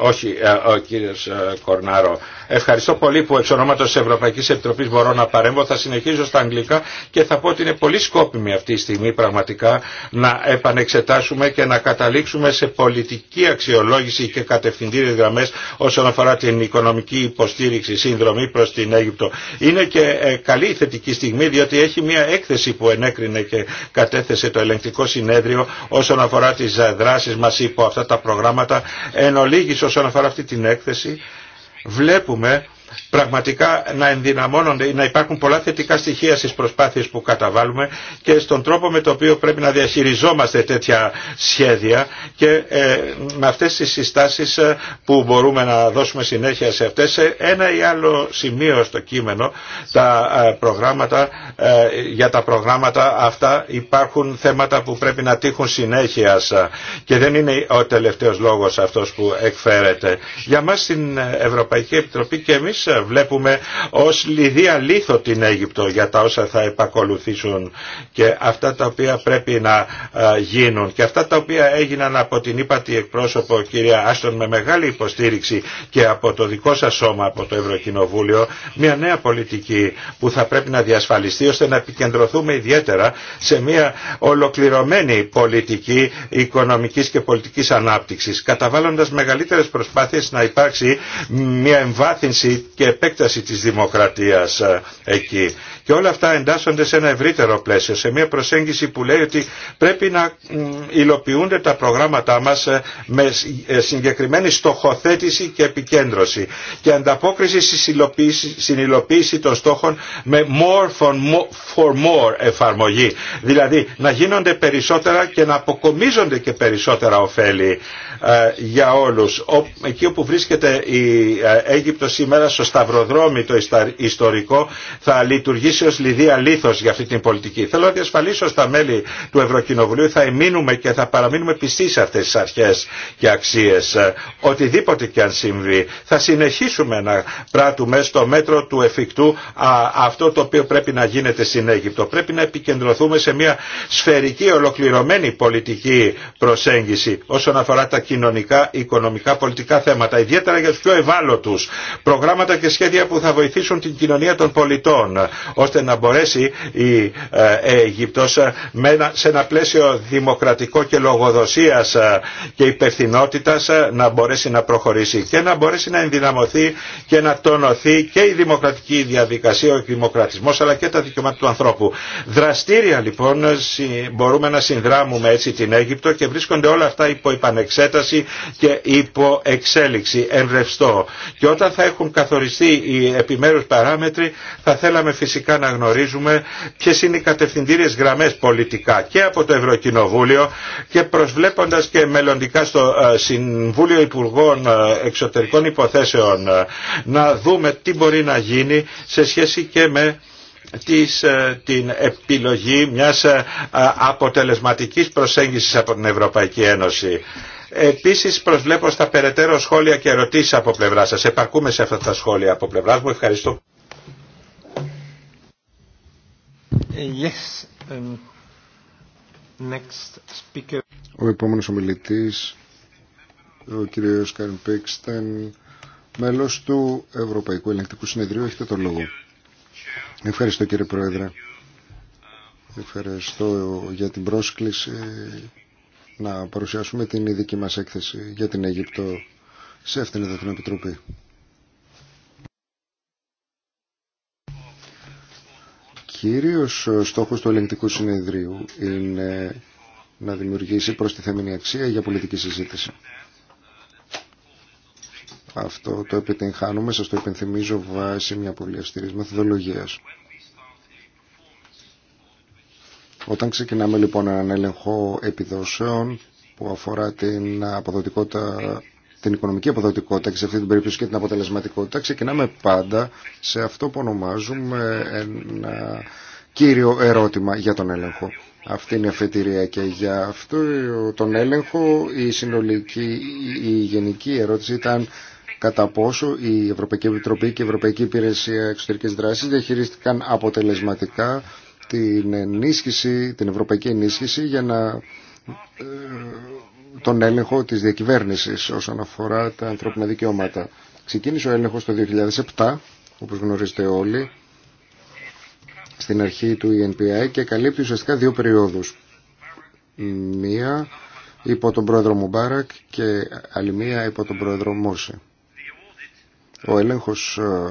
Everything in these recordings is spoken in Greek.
Όχι, ε, ο κύριο ε, Κορνάρο. Ευχαριστώ πολύ που εξ ονόματος της Ευρωπαϊκής Επιτροπής μπορώ να παρέμβω. Θα συνεχίζω στα αγγλικά και θα πω ότι είναι πολύ σκόπιμη αυτή η στιγμή πραγματικά να επανεξετάσουμε και να καταλήξουμε σε πολιτική αξιολόγηση και κατευθυντήριες γραμμές όσον αφορά την οικονομική υποστήριξη, σύνδρομη προς την Αίγυπτο. Είναι και ε, καλή η θετική στιγμή διότι έχει μια έκθεση που ενέκρινε και κατέθεσε το ελεγκτικό συνέδριο όσον αφορά τις δράσεις μας υπό αυτά τα προγράμματα εν προσέγγιση όσον αφορά αυτή την έκθεση βλέπουμε πραγματικά να ενδυναμώνονται, να υπάρχουν πολλά θετικά στοιχεία στις προσπάθειες που καταβάλουμε και στον τρόπο με το οποίο πρέπει να διαχειριζόμαστε τέτοια σχέδια και ε, με αυτές τις συστάσεις ε, που μπορούμε να δώσουμε συνέχεια σε αυτές ένα ή άλλο σημείο στο κείμενο τα ε, προγράμματα, για τα προγράμματα αυτά υπάρχουν θέματα που πρέπει να τύχουν συνέχεια και δεν είναι ο τελευταίος λόγος αυτός που εκφέρεται. Για μας στην Ευρωπαϊκή Επιτροπή και εμείς βλέπουμε ως λιδία λίθο την Αίγυπτο για τα όσα θα επακολουθήσουν και αυτά τα οποία πρέπει να ε, γίνουν και αυτά τα οποία έγιναν από την ύπατη εκπρόσωπο κυρία Άστον με μεγάλη υποστήριξη και από το δικό σας σώμα από το Ευρωκοινοβούλιο μια νέα πολιτική που θα πρέπει να διασφαλιστεί ώστε να επικεντρωθούμε ιδιαίτερα σε μια ολοκληρωμένη πολιτική οικονομικής και πολιτικής ανάπτυξης καταβάλλοντας μεγαλύτερες προσπάθειες να υπάρξει μια εμβάθυνση και επέκταση της δημοκρατίας ε, εκεί. Και όλα αυτά εντάσσονται σε ένα ευρύτερο πλαίσιο, σε μια προσέγγιση που λέει ότι πρέπει να υλοποιούνται τα προγράμματά μας ε, με ε, συγκεκριμένη στοχοθέτηση και επικέντρωση και ανταπόκριση στην υλοποίηση των στόχων με more for more εφαρμογή. Δηλαδή να γίνονται περισσότερα και να αποκομίζονται και περισσότερα ωφέλη ε, για όλους. Εκεί όπου βρίσκεται η Αίγυπτος σήμερα στο σταυροδρόμι το ιστορικό θα λειτουργήσει ίσως λιδία λίθος για αυτή την πολιτική. Θέλω να διασφαλίσω στα μέλη του Ευρωκοινοβουλίου θα εμείνουμε και θα παραμείνουμε πιστοί σε αυτές τις αρχές και αξίες. Ε, οτιδήποτε και αν συμβεί θα συνεχίσουμε να πράττουμε στο μέτρο του εφικτού α, αυτό το οποίο πρέπει να γίνεται στην Αίγυπτο. Πρέπει να επικεντρωθούμε σε μια σφαιρική ολοκληρωμένη πολιτική προσέγγιση όσον αφορά τα κοινωνικά, οικονομικά, πολιτικά θέματα, ιδιαίτερα για τους πιο ευάλωτους προγράμματα και σχέδια που θα βοηθήσουν την κοινωνία των πολιτών ώστε να μπορέσει η ε, Αίγυπτος ε, σε ένα πλαίσιο δημοκρατικό και λογοδοσίας ε, και υπευθυνότητας να μπορέσει να προχωρήσει και να μπορέσει να ενδυναμωθεί και να τονωθεί και η δημοκρατική διαδικασία, ο δημοκρατισμός αλλά και τα δικαιώματα του ανθρώπου. Δραστήρια λοιπόν μπορούμε να συνδράμουμε έτσι την Αίγυπτο και βρίσκονται όλα αυτά υπό επανεξέταση και υπό εξέλιξη, εμβρευστό. Και όταν θα έχουν καθοριστεί οι επιμέρους παράμετροι θα θέλαμε φυσικά να γνωρίζουμε ποιε είναι οι κατευθυντήριε γραμμές πολιτικά και από το Ευρωκοινοβούλιο και προσβλέποντας και μελλοντικά στο ε, Συμβούλιο Υπουργών ε, Εξωτερικών Υποθέσεων ε, να δούμε τι μπορεί να γίνει σε σχέση και με την επιλογή μιας αποτελεσματικής προσέγγισης από την Ευρωπαϊκή Ένωση. Επίσης προσβλέπω στα περαιτέρω σχόλια και ερωτήσεις από πλευρά σας. Επαρκούμε σε αυτά τα σχόλια από πλευρά μου. Ευχαριστώ. Um, ο επόμενος ομιλητής, ο κύριος Καρν Πίξτεν, μέλος του Ευρωπαϊκού Ελεκτικού Συνεδρίου. Έχετε τον λόγο. Ευχαριστώ κύριε Πρόεδρε. Ευχαριστώ για την πρόσκληση να παρουσιάσουμε την ειδική μας έκθεση για την Αίγυπτο σε αυτήν εδώ την Επιτροπή. Κύριος ε, στόχος του ελεγκτικού συνεδρίου είναι να δημιουργήσει προστιθέμενη αξία για πολιτική συζήτηση. Αυτό το επιτυγχάνουμε, σας το υπενθυμίζω, βάσει μια πολύ αυστηρής μεθοδολογίας. Όταν ξεκινάμε λοιπόν έναν έλεγχο επιδόσεων που αφορά την αποδοτικότητα την οικονομική αποδοτικότητα και σε αυτή την περίπτωση και την αποτελεσματικότητα, ξεκινάμε πάντα σε αυτό που ονομάζουμε ένα κύριο ερώτημα για τον έλεγχο. Αυτή είναι η αφετηρία και για αυτό τον έλεγχο η συνολική, η γενική ερώτηση ήταν κατά πόσο η Ευρωπαϊκή Επιτροπή και η Ευρωπαϊκή Υπηρεσία Εξωτερικής Δράσης διαχειρίστηκαν αποτελεσματικά την ενίσχυση, την ευρωπαϊκή ενίσχυση για να ε, τον έλεγχο της διακυβέρνησης όσον αφορά τα ανθρώπινα δικαιώματα. Ξεκίνησε ο έλεγχος το 2007, όπως γνωρίζετε όλοι, στην αρχή του ENPI και καλύπτει ουσιαστικά δύο περιόδους. Μία υπό τον πρόεδρο Μουμπάρακ και άλλη μία υπό τον πρόεδρο Μόση. Ο έλεγχος ε,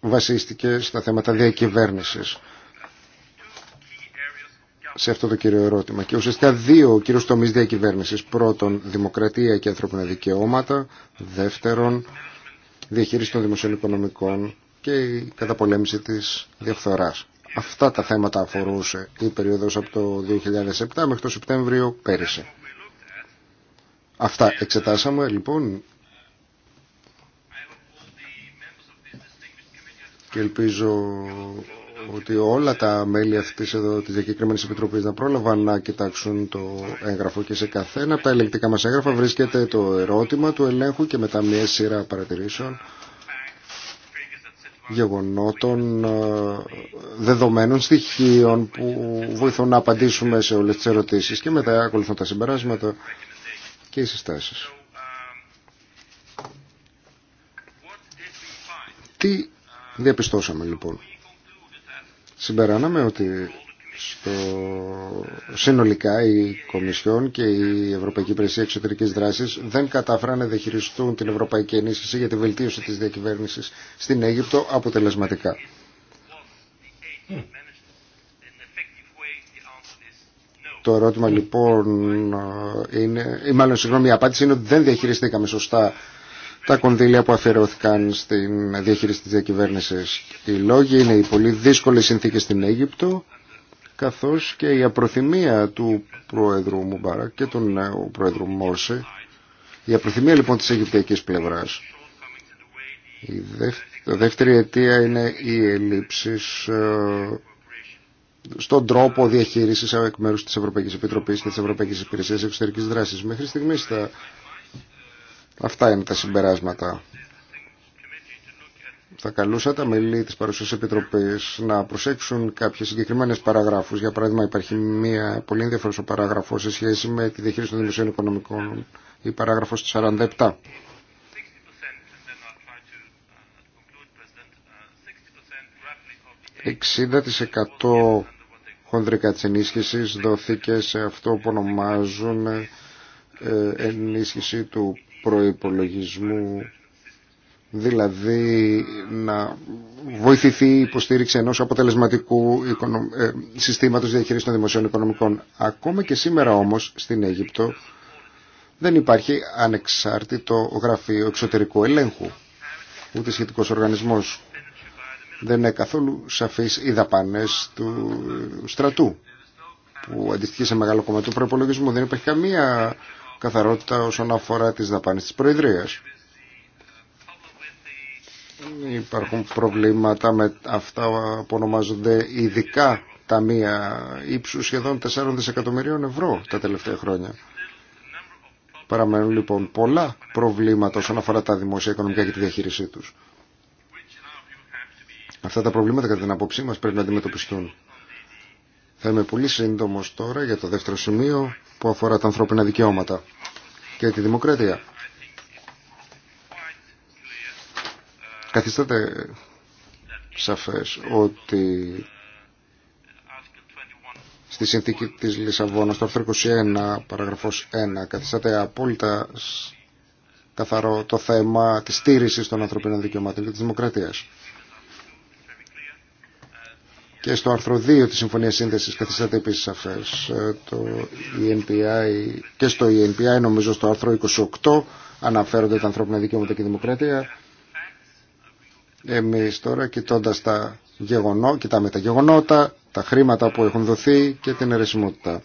βασίστηκε στα θέματα διακυβέρνησης σε αυτό το κύριο ερώτημα. Και ουσιαστικά δύο κύριου τομεί διακυβέρνηση. Πρώτον, δημοκρατία και ανθρώπινα δικαιώματα. Δεύτερον, διαχείριση των οικονομικών και η καταπολέμηση της διαφθορά. Αυτά τα θέματα αφορούσε η περίοδος από το 2007 μέχρι το Σεπτέμβριο πέρυσι. Αυτά εξετάσαμε λοιπόν και ελπίζω ότι όλα τα μέλη αυτής εδώ της διακεκριμένης επιτροπής να πρόλαβαν να κοιτάξουν το έγγραφο και σε καθένα από τα ελεγκτικά μας έγγραφα βρίσκεται το ερώτημα του ελέγχου και μετά μια σειρά παρατηρήσεων γεγονότων, ε, δεδομένων στοιχείων που βοηθούν να απαντήσουμε σε όλες τις ερωτήσεις και μετά ακολουθούν τα συμπεράσματα και οι συστάσεις. Τι διαπιστώσαμε λοιπόν συμπεράναμε ότι στο συνολικά η Κομισιόν και η Ευρωπαϊκή Υπηρεσία Εξωτερική Δράση δεν κατάφεραν να διαχειριστούν την ευρωπαϊκή ενίσχυση για τη βελτίωση τη διακυβέρνηση στην Αίγυπτο αποτελεσματικά. Το ερώτημα λοιπόν είναι, ή μάλλον συγγνώμη, η απάντηση είναι ότι δεν διαχειριστήκαμε σωστά τα κονδύλια που αφιερώθηκαν στην διαχείριση της διακυβέρνησης. Οι λόγοι είναι οι πολύ δύσκολες συνθήκες στην Αίγυπτο, καθώς και η απροθυμία του Πρόεδρου Μουμπάρα και του νέου ε, Πρόεδρου Μόρσε Η απροθυμία λοιπόν της Αιγυπτιακής πλευράς. Η δεύτερη αιτία είναι οι ελλείψεις ε, στον τρόπο διαχείρισης εκ μέρου τη Ευρωπαϊκή Επιτροπή και τη Ευρωπαϊκή Υπηρεσία Εξωτερικής Δράσης. Μέχρι τα Αυτά είναι τα συμπεράσματα. Θα καλούσα τα μελή της παρουσίας επιτροπής να προσέξουν κάποιες συγκεκριμένες παραγράφους. Για παράδειγμα υπάρχει μια πολύ ενδιαφέρουσα παράγραφο σε σχέση με τη διαχείριση των δημοσίων οικονομικών, η παράγραφος 47. ...60% χονδρικά της ενίσχυσης δοθήκε σε αυτό που ονομάζουν ε, ενίσχυση του προϋπολογισμού δηλαδή να βοηθηθεί η υποστήριξη ενός αποτελεσματικού ε, συστήματος διαχείρισης των δημοσίων οικονομικών. Ακόμα και σήμερα όμως στην Αίγυπτο δεν υπάρχει ανεξάρτητο γραφείο εξωτερικού ελέγχου, ούτε σχετικός οργανισμός. Δεν είναι καθόλου σαφείς οι δαπάνες του στρατού, που αντιστοιχεί σε μεγάλο κομμάτι του προπολογισμού. Δεν υπάρχει καμία καθαρότητα όσον αφορά τις δαπάνες της Προεδρίας. Υπάρχουν προβλήματα με αυτά που ονομάζονται ειδικά ταμεία ύψου σχεδόν 4 δισεκατομμυρίων ευρώ τα τελευταία χρόνια. Παραμένουν λοιπόν πολλά προβλήματα όσον αφορά τα δημόσια οικονομικά και τη διαχείρισή τους. Αυτά τα προβλήματα κατά την απόψή μας πρέπει να αντιμετωπιστούν. Θα είμαι πολύ σύντομος τώρα για το δεύτερο σημείο που αφορά τα ανθρώπινα δικαιώματα και τη δημοκρατία. Καθιστάτε σαφές ότι στη συνθήκη της Λισαβόνα το άρθρο 21, παραγραφός 1, καθιστάται απόλυτα καθαρό το θέμα της στήρησης των ανθρωπίνων δικαιωμάτων και της δημοκρατίας. Και στο άρθρο 2 της Συμφωνίας Σύνδεσης καθιστάται επίσης σαφές ε, το ENPI και στο ENPI νομίζω στο άρθρο 28 αναφέρονται τα ανθρώπινα δικαιώματα και η δημοκρατία. Εμείς τώρα κοιτώντας τα γεγονό, κοιτάμε τα γεγονότα, τα χρήματα που έχουν δοθεί και την αιρεσιμότητα.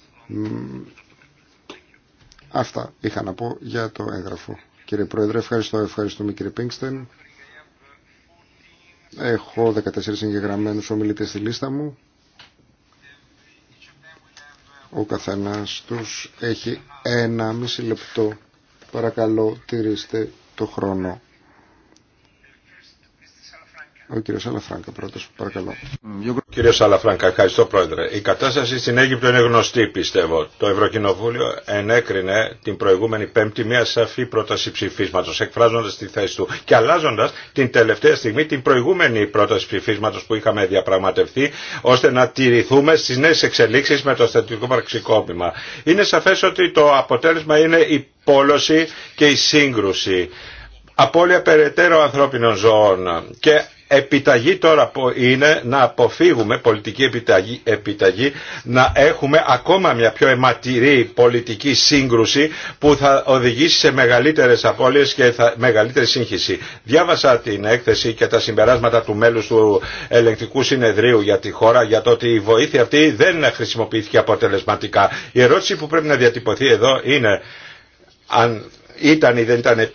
Αυτά είχα να πω για το έγγραφο. Κύριε Πρόεδρε, ευχαριστώ, ευχαριστούμε κύριε Πίνξτεν. Έχω 14 εγγεγραμμένους ομιλητές στη λίστα μου. Ο καθένας τους έχει ένα μισή λεπτό. Παρακαλώ τηρήστε το χρόνο ο κύριο Αλαφράγκα πρώτο, παρακαλώ. Κύριο Αλαφράγκα, ευχαριστώ πρόεδρε. Η κατάσταση στην Αίγυπτο είναι γνωστή πιστεύω. Το Ευρωκοινοβούλιο ενέκρινε την προηγούμενη Πέμπτη μια σαφή πρόταση ψηφίσματο εκφράζοντα τη θέση του και αλλάζοντα την τελευταία στιγμή την προηγούμενη πρόταση ψηφίσματο που είχαμε διαπραγματευτεί ώστε να τηρηθούμε στι νέε εξελίξει με το στατικό πραξικόπημα. Είναι σαφέ ότι το αποτέλεσμα είναι η πόλωση και η σύγκρουση Απόλυα περαιτέρω ανθρώπινων ζώων και επιταγή τώρα που είναι να αποφύγουμε, πολιτική επιταγή, επιταγή να έχουμε ακόμα μια πιο αιματηρή πολιτική σύγκρουση που θα οδηγήσει σε μεγαλύτερες απώλειες και μεγαλύτερη σύγχυση. Διάβασα την έκθεση και τα συμπεράσματα του μέλους του ελεγκτικού συνεδρίου για τη χώρα για το ότι η βοήθεια αυτή δεν χρησιμοποιήθηκε αποτελεσματικά. Η ερώτηση που πρέπει να διατυπωθεί εδώ είναι αν ήταν ή δεν ήταν ε,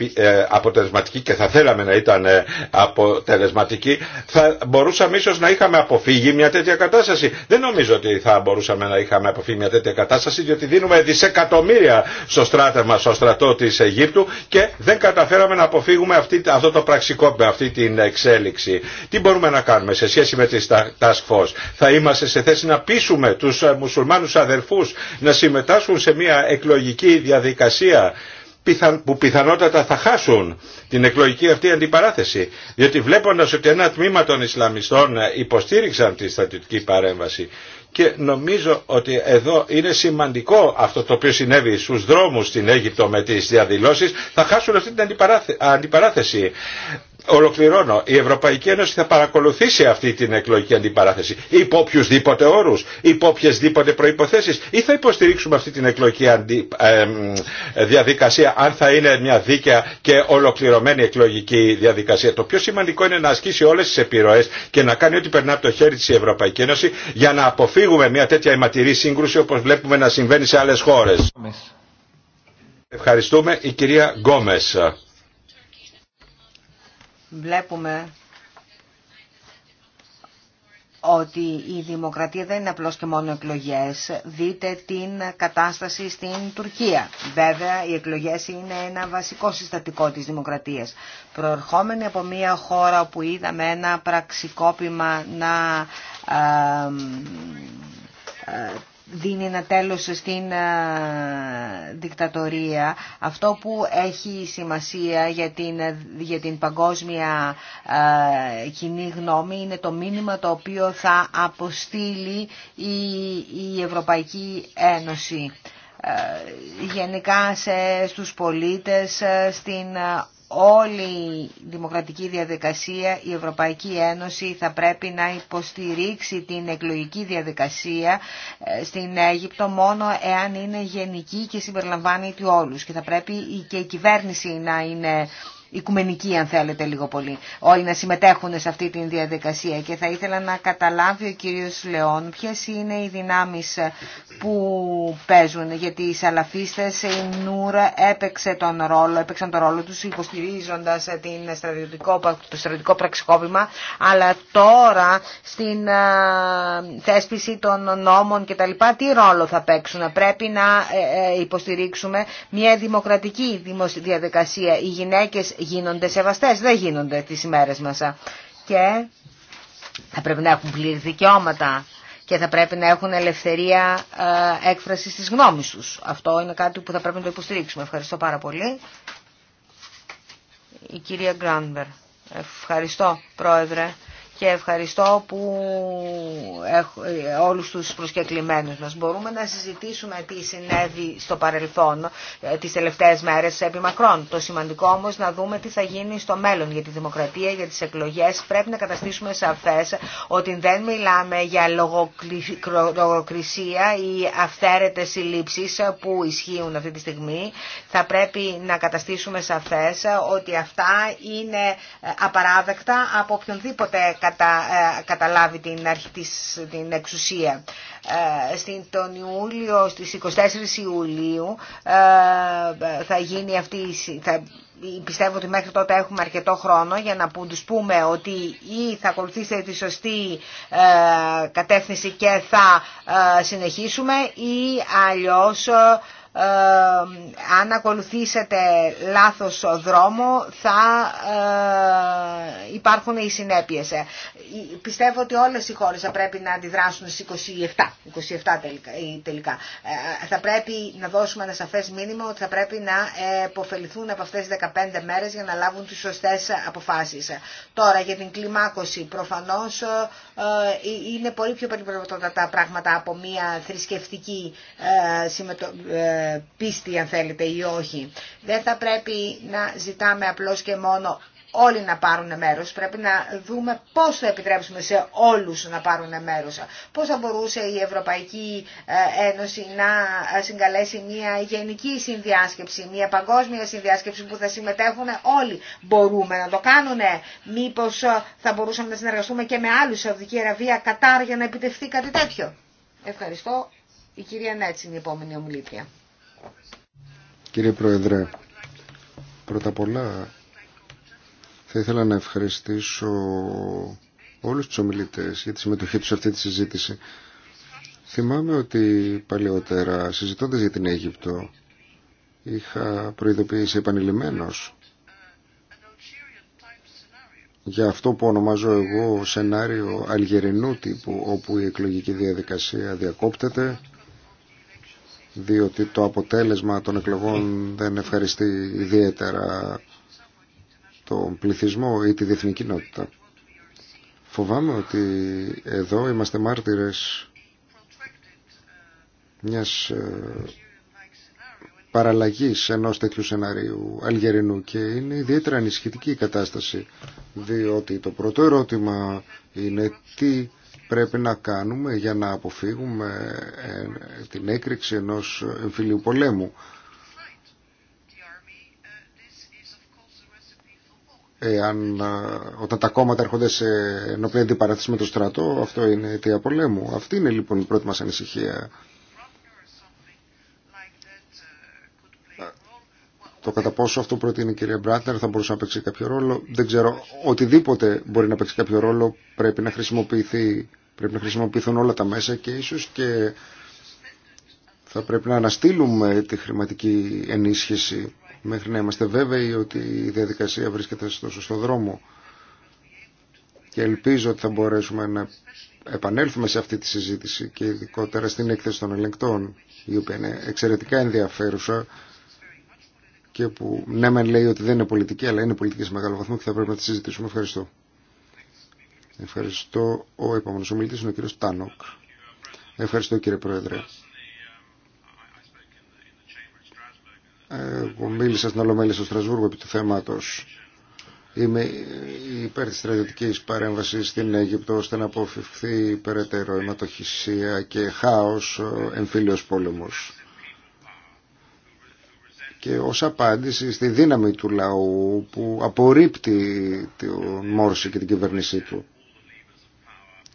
αποτελεσματική και θα θέλαμε να ήταν ε, αποτελεσματική θα μπορούσαμε ίσως να είχαμε αποφύγει μια τέτοια κατάσταση. Δεν νομίζω ότι θα μπορούσαμε να είχαμε αποφύγει μια τέτοια κατάσταση διότι δίνουμε δισεκατομμύρια στο στράτευμα, στο στρατό της Αιγύπτου και δεν καταφέραμε να αποφύγουμε αυτή, αυτό το πραξικό με αυτή την εξέλιξη. Τι μπορούμε να κάνουμε σε σχέση με τη Task Force. Θα είμαστε σε θέση να πείσουμε τους ε, μουσουλμάνους αδερφούς να συμμετάσχουν σε μια εκλογική διαδικασία που πιθανότατα θα χάσουν την εκλογική αυτή αντιπαράθεση. Διότι βλέποντας ότι ένα τμήμα των Ισλαμιστών υποστήριξαν τη στατιωτική παρέμβαση και νομίζω ότι εδώ είναι σημαντικό αυτό το οποίο συνέβη στους δρόμους στην Αίγυπτο με τις διαδηλώσεις θα χάσουν αυτή την αντιπαράθεση. Ολοκληρώνω. Η Ευρωπαϊκή Ένωση θα παρακολουθήσει αυτή την εκλογική αντιπαράθεση. Υπό οποιουσδήποτε όρου, υπό οποιασδήποτε προποθέσει, ή θα υποστηρίξουμε αυτή την εκλογική αντι... ε, διαδικασία, αν θα είναι μια δίκαια και ολοκληρωμένη εκλογική διαδικασία. Το πιο σημαντικό είναι να ασκήσει όλε τι επιρροέ και να κάνει ό,τι περνά από το χέρι τη η Ευρωπαϊκή Ένωση για να αποφύγουμε μια τέτοια αιματηρή σύγκρουση όπω βλέπουμε να συμβαίνει σε άλλε χώρε. Ευχαριστούμε η κυρία Γκόμες βλέπουμε ότι η δημοκρατία δεν είναι απλώς και μόνο εκλογές. Δείτε την κατάσταση στην Τουρκία. Βέβαια, οι εκλογές είναι ένα βασικό συστατικό της δημοκρατίας. Προερχόμενοι από μια χώρα που είδαμε ένα πραξικόπημα να ε, ε, δίνει ένα τέλος στην δικτατορία. Αυτό που έχει σημασία για την, για την παγκόσμια κοινή γνώμη είναι το μήνυμα το οποίο θα αποστείλει η, Ευρωπαϊκή Ένωση γενικά σε, στους πολίτες, στην όλη η δημοκρατική διαδικασία, η Ευρωπαϊκή Ένωση θα πρέπει να υποστηρίξει την εκλογική διαδικασία ε, στην Αίγυπτο μόνο εάν είναι γενική και συμπεριλαμβάνει του όλους. Και θα πρέπει και η κυβέρνηση να είναι οικουμενική αν θέλετε λίγο πολύ, όλοι να συμμετέχουν σε αυτή τη διαδικασία και θα ήθελα να καταλάβει ο κύριος Λεόν ποιες είναι οι δυνάμεις ε, που παίζουν γιατί οι σαλαφίστες η Νούρα έπαιξε τον ρόλο, έπαιξαν τον ρόλο τους υποστηρίζοντας ε, την στρατιωτικό, το στρατιωτικό πραξικόπημα αλλά τώρα στην ε, θέσπιση των νόμων και τα λοιπά τι ρόλο θα παίξουν πρέπει να υποστηρίξουμε μια δημοκρατική διαδικασία οι γυναίκες γίνονται σεβαστές, δεν γίνονται τις ημέρες μας. Και θα πρέπει να έχουν πλήρη δικαιώματα και θα πρέπει να έχουν ελευθερία ε, έκφρασης της γνώμης τους. Αυτό είναι κάτι που θα πρέπει να το υποστηρίξουμε. Ευχαριστώ πάρα πολύ. Η κυρία Γκράνμπερ. Ευχαριστώ, Πρόεδρε και ευχαριστώ που έχω, όλους τους προσκεκλημένους μας. Μπορούμε να συζητήσουμε τι συνέβη στο παρελθόν ε, τις τελευταίες μέρες επί μακρόν. Το σημαντικό όμως να δούμε τι θα γίνει στο μέλλον για τη δημοκρατία, για τις εκλογές. Πρέπει να καταστήσουμε σαφές ότι δεν μιλάμε για λογοκρισία ή αυθαίρετες συλλήψεις που ισχύουν αυτή τη στιγμή. Θα πρέπει να καταστήσουμε σαφές ότι αυτά είναι ε, απαράδεκτα από οποιονδήποτε κατάσταση κατα, ε, καταλάβει την, αρχή της, την εξουσία. Ε, στην τον Ιούλιο, στις 24 Ιουλίου ε, θα γίνει αυτή η πιστεύω ότι μέχρι τότε έχουμε αρκετό χρόνο για να του πούμε ότι ή θα ακολουθήσετε τη σωστή κατεύθυνση και θα συνεχίσουμε ή αλλιώς ε, αν ακολουθήσετε λάθος δρόμο θα ε, υπάρχουν οι συνέπειες. Ε, πιστεύω ότι όλες οι χώρες θα πρέπει να αντιδράσουν στις 27, 27 τελικά. Θα πρέπει να δώσουμε ένα σαφές μήνυμα ότι θα πρέπει να υποφεληθούν από αυτές τις 15 μέρες για να λάβουν τις σωστές αποφάσεις. Τώρα για την κλιμάκωση προφανώς είναι πολύ πιο περιπλοκά τα πράγματα από μια θρησκευτική συμμετοχή πίστη αν θέλετε ή όχι. Δεν θα πρέπει να ζητάμε απλώς και μόνο όλοι να πάρουν μέρος. Πρέπει να δούμε πώς θα επιτρέψουμε σε όλους να πάρουν μέρος. Πώς θα μπορούσε η Ευρωπαϊκή ε, Ένωση να ε, συγκαλέσει μια γενική συνδιάσκεψη, μια παγκόσμια συνδιάσκεψη που θα συμμετέχουν όλοι. Μπορούμε να το κάνουν. Μήπως ε, θα μπορούσαμε να συνεργαστούμε και με άλλους Σαουδική Αραβία, Κατάρ για να επιτευχθεί κάτι τέτοιο. Ευχαριστώ. Η κυρία Νέτσι είναι η επόμενη ομιλήτρια. Κύριε Πρόεδρε, πρώτα απ' όλα θα ήθελα να ευχαριστήσω όλους τους ομιλητές για τη συμμετοχή τους σε αυτή τη συζήτηση. Θυμάμαι ότι παλαιότερα, συζητώντας για την Αίγυπτο, είχα προειδοποιήσει επανειλημμένος για αυτό που ονομάζω εγώ σενάριο αλγερινού τύπου, όπου η εκλογική διαδικασία διακόπτεται διότι το αποτέλεσμα των εκλογών δεν ευχαριστεί ιδιαίτερα τον πληθυσμό ή τη διεθνή κοινότητα. Φοβάμαι ότι εδώ είμαστε μάρτυρες μιας ε, παραλλαγής ενός τέτοιου σενάριου αλγερινού και είναι ιδιαίτερα ανησυχητική η κατάσταση διότι το πρώτο ερώτημα είναι τι πρέπει να κάνουμε για να αποφύγουμε ε, την έκρηξη ενός εμφυλίου πολέμου. Εάν, ε, όταν τα κόμματα έρχονται σε ενοπλή αντιπαράθεση με το στρατό, αυτό είναι αιτία πολέμου. Αυτή είναι λοιπόν η πρώτη μας ανησυχία. Το κατά πόσο αυτό προτείνει η κυρία Μπράτνερ θα μπορούσε να παίξει κάποιο ρόλο. Δεν ξέρω. Οτιδήποτε μπορεί να παίξει κάποιο ρόλο πρέπει να χρησιμοποιηθεί Πρέπει να χρησιμοποιηθούν όλα τα μέσα και ίσως και θα πρέπει να αναστείλουμε τη χρηματική ενίσχυση μέχρι να είμαστε βέβαιοι ότι η διαδικασία βρίσκεται στο σωστό δρόμο. Και ελπίζω ότι θα μπορέσουμε να επανέλθουμε σε αυτή τη συζήτηση και ειδικότερα στην έκθεση των ελεγκτών, η οποία είναι εξαιρετικά ενδιαφέρουσα και που ναι μεν λέει ότι δεν είναι πολιτική, αλλά είναι πολιτική σε μεγάλο βαθμό και θα πρέπει να τη συζητήσουμε. Ευχαριστώ. Ευχαριστώ. Ο επόμενο ομιλητή είναι ο κύριο Τάνοκ. Ευχαριστώ κύριε Πρόεδρε. Εγώ μίλησα στην Ολομέλεια στο Στρασβούργο επί του θέματος. Είμαι υπέρ τη στρατιωτική παρέμβαση στην Αίγυπτο ώστε να αποφευχθεί περαιτέρω αιματοχυσία και χάος εμφύλιος πόλεμος. Και ως απάντηση στη δύναμη του λαού που απορρίπτει τη Μόρση και την κυβέρνησή του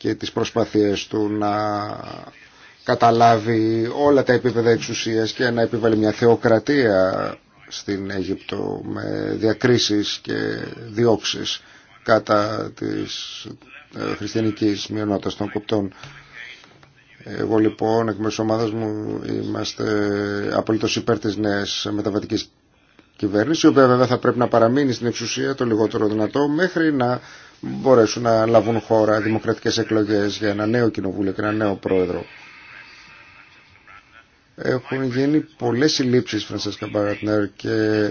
και τις προσπαθίες του να καταλάβει όλα τα επίπεδα εξουσίας και να επιβάλλει μια θεοκρατία στην Αίγυπτο με διακρίσεις και διώξεις κατά της ε, χριστιανικής μειονότητας των κοπτών. Εγώ λοιπόν εκ μέρους ομάδας μου είμαστε απολύτως υπέρ της νέας μεταβατικής κυβέρνησης η οποία βέβαια θα πρέπει να παραμείνει στην εξουσία το λιγότερο δυνατό μέχρι να μπορέσουν να λαβούν χώρα δημοκρατικές εκλογές για ένα νέο κοινοβούλιο και ένα νέο πρόεδρο. Έχουν γίνει πολλές συλλήψεις, Φρανσέσκα Μπαρατνέρ, και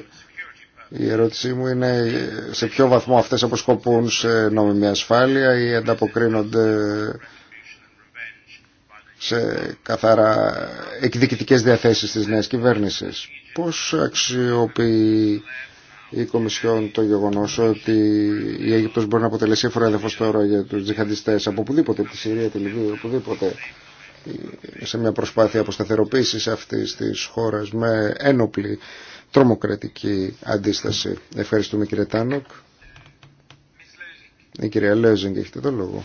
η ερώτησή μου είναι σε ποιο βαθμό αυτές αποσκοπούν σε νόμιμη ασφάλεια ή ανταποκρίνονται σε καθαρά εκδικητικές διαθέσεις της νέας κυβέρνησης. Πώς αξιοποιεί η Κομισιόν το γεγονό ότι η Αίγυπτο μπορεί να αποτελέσει φορά έδαφο τώρα για του τζιχαντιστέ από οπουδήποτε, από τη Συρία, τη Λιβύη, οπουδήποτε, σε μια προσπάθεια αποσταθεροποίηση αυτή τη χώρα με ένοπλη τρομοκρατική αντίσταση. Ευχαριστούμε κύριε Τάνοκ. Η κυρία Λέζινγκ, έχετε το λόγο.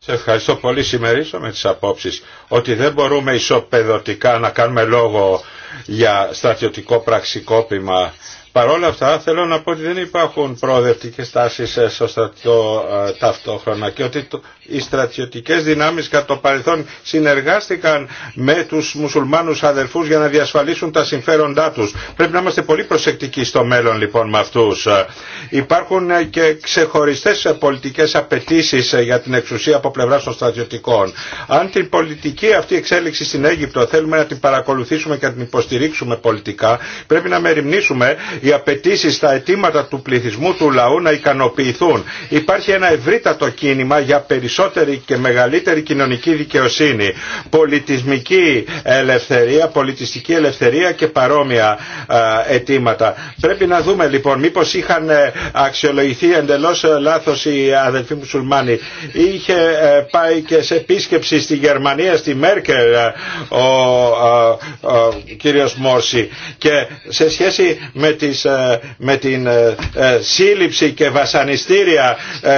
Σε ευχαριστώ πολύ. Συμμερίζω με τις απόψεις ότι δεν μπορούμε ισοπεδωτικά να κάνουμε λόγο για στρατιωτικό πραξικόπημα Παρ' όλα αυτά θέλω να πω ότι δεν υπάρχουν προοδευτικές στάσεις ε, στο στρατιώ ε, ταυτόχρονα και ότι οι στρατιωτικές δυνάμεις κατά το παρελθόν συνεργάστηκαν με τους μουσουλμάνους αδερφούς για να διασφαλίσουν τα συμφέροντά τους. Πρέπει να είμαστε πολύ προσεκτικοί στο μέλλον λοιπόν με αυτούς. Ε, υπάρχουν και ξεχωριστές πολιτικές απαιτήσει για την εξουσία από πλευρά των στρατιωτικών. Αν την πολιτική αυτή εξέλιξη στην Αίγυπτο θέλουμε να την παρακολουθήσουμε και να την υποστηρίξουμε πολιτικά, πρέπει να μεριμνήσουμε οι απαιτήσει, τα αιτήματα του πληθυσμού, του λαού να ικανοποιηθούν. Υπάρχει ένα ευρύτατο κίνημα για περισσότερη και μεγαλύτερη κοινωνική δικαιοσύνη, πολιτισμική ελευθερία, πολιτιστική ελευθερία και παρόμοια αιτήματα. Πρέπει να δούμε λοιπόν μήπως είχαν ε, αξιολογηθεί εντελώς ε, λάθος οι αδελφοί μουσουλμάνοι. Είχε ε, πάει και σε επίσκεψη στη Γερμανία, στη Μέρκελ ο, ο, κύριος Μόρση και σε σχέση με ε, με την ε, ε, σύλληψη και βασανιστήρια